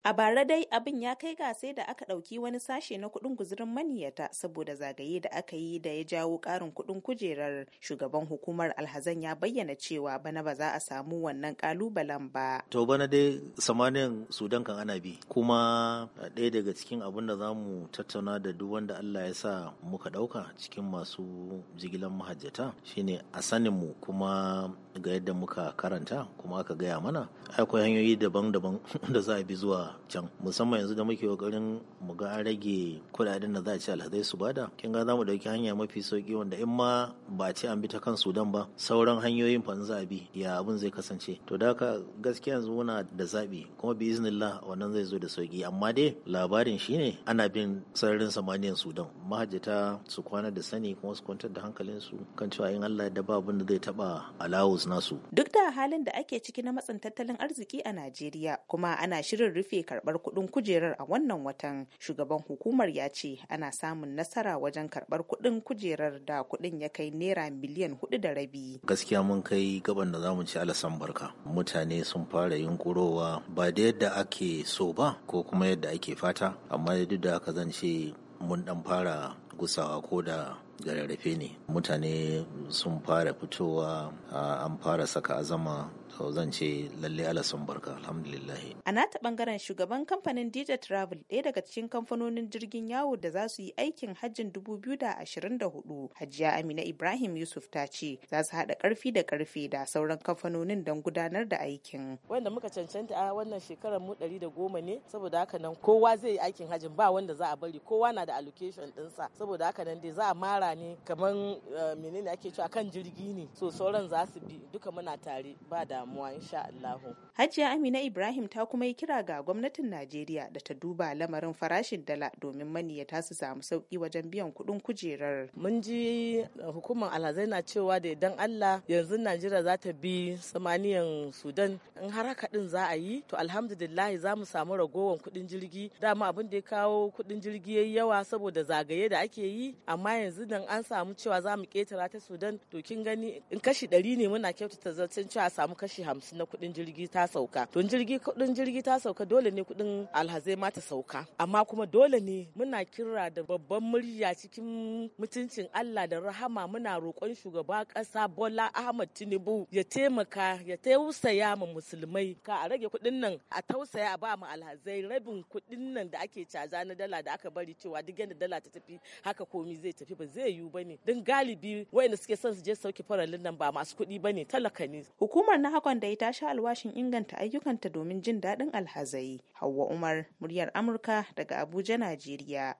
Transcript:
A bara dai abin ya kai ga sai da aka ɗauki wani sashe na kuɗin guzurin maniyata saboda zagaye da aka yi da ya jawo ƙarin kuɗin kujerar shugaban hukumar alhazan ya bayyana cewa bana ba za a samu wannan ƙalubalen ba. To bana dai samanin sudan kan ana bi kuma ɗaya daga cikin abin da za mu tattauna da duk wanda Allah ya sa muka ɗauka cikin masu jigilar mahajjata shine a sanin mu kuma ga yadda muka karanta kuma aka gaya mana akwai hanyoyi daban-daban da za a bi zuwa can musamman yanzu da muke kokarin mu ga an rage kudaden da za a ci alhazai su bada kin ga zamu dauki hanya mafi sauki wanda in ma ba ce an bi ta kan Sudan ba sauran hanyoyin fa za bi ya abin zai kasance to da haka gaskiya yanzu muna da zabi kuma bi iznillah wannan zai zo da sauki amma dai labarin shine ana bin sararin samaniyar Sudan mahajjata su kwana da sani kuma su kwantar da hankalinsu kan cewa in Allah ya daba abin da zai taba alawus nasu duk da halin da ake ciki na matsin tattalin arziki a Najeriya kuma ana shirin rufe Karɓar karbar kudin kujerar a wannan watan shugaban hukumar ya ce ana samun nasara wajen karbar kudin kujerar da kudin ya kai naira miliyan hudu da rabi gaskiya mun kai gaban da zamu ci alasan barka mutane sun fara yunkurowa ba da yadda ake so ba ko kuma yadda ake fata amma duk da haka zan ce mun dan fara gusawa ko da da rarrafe ne mutane sun fara fitowa an fara saka azama to zan ce lalle ala sun barka alhamdulillah a nata bangaren shugaban kamfanin dj travel ɗaya daga cikin kamfanonin jirgin yawo da za su yi aikin hajjin 2024 hajiya amina ibrahim yusuf ta ce za su haɗa ƙarfi da ƙarfe da sauran kamfanonin don gudanar da aikin wanda muka cancanta a wannan shekarar mu ɗari da goma ne saboda haka nan kowa zai yi aikin hajjin ba wanda za a bari kowa na da allocation ɗinsa saboda haka nan dai za a mara mutane kamar eh, menene ake cewa kan jirgi ne so sauran za su bi duka muna tare ba damuwa insha Allah Hajiya Amina Ibrahim ta kuma yi kira ga gwamnatin Najeriya da ta duba lamarin farashin dala domin maniyata su samu sauki wajen biyan kuɗin kujerar mun ji eh, hukumar alhazai na cewa da idan Allah yanzu Najeriya za ta bi samaniyan Sudan in har haka din za a yi to alhamdulillah za mu samu ragowar kuɗin jirgi dama abin da ya kawo kuɗin jirgi yayi yawa saboda zagaye da ake yi amma yanzu nan an samu cewa za mu ketara ta Sudan to kin gani in kashi ɗari ne muna kyautata zancen cewa samu kashi hamsin na kuɗin jirgi ta sauka. To jirgi kuɗin jirgi ta sauka dole ne kuɗin alhazai ma ta sauka. Amma kuma dole ne muna kira da babban murya cikin mutuncin Allah da rahama muna roƙon shugaba ƙasa Bola Ahmad Tinubu ya taimaka ya tausaya ma musulmai ka a rage kuɗin nan a tausaya a ba mu alhazai rabin kuɗin nan da ake caza na dala da aka bari cewa duk yadda dala ta tafi haka komi zai tafi ba zai zai yiwu ba ne don galibi wayanda suke son su je sauke farallin nan ba masu kuɗi bane talaka ne. Hukumar na hakan da ita sha alwashin inganta ayyukanta domin jin daɗin alhazai. hawa Umar, muryar Amurka daga Abuja, Najeriya.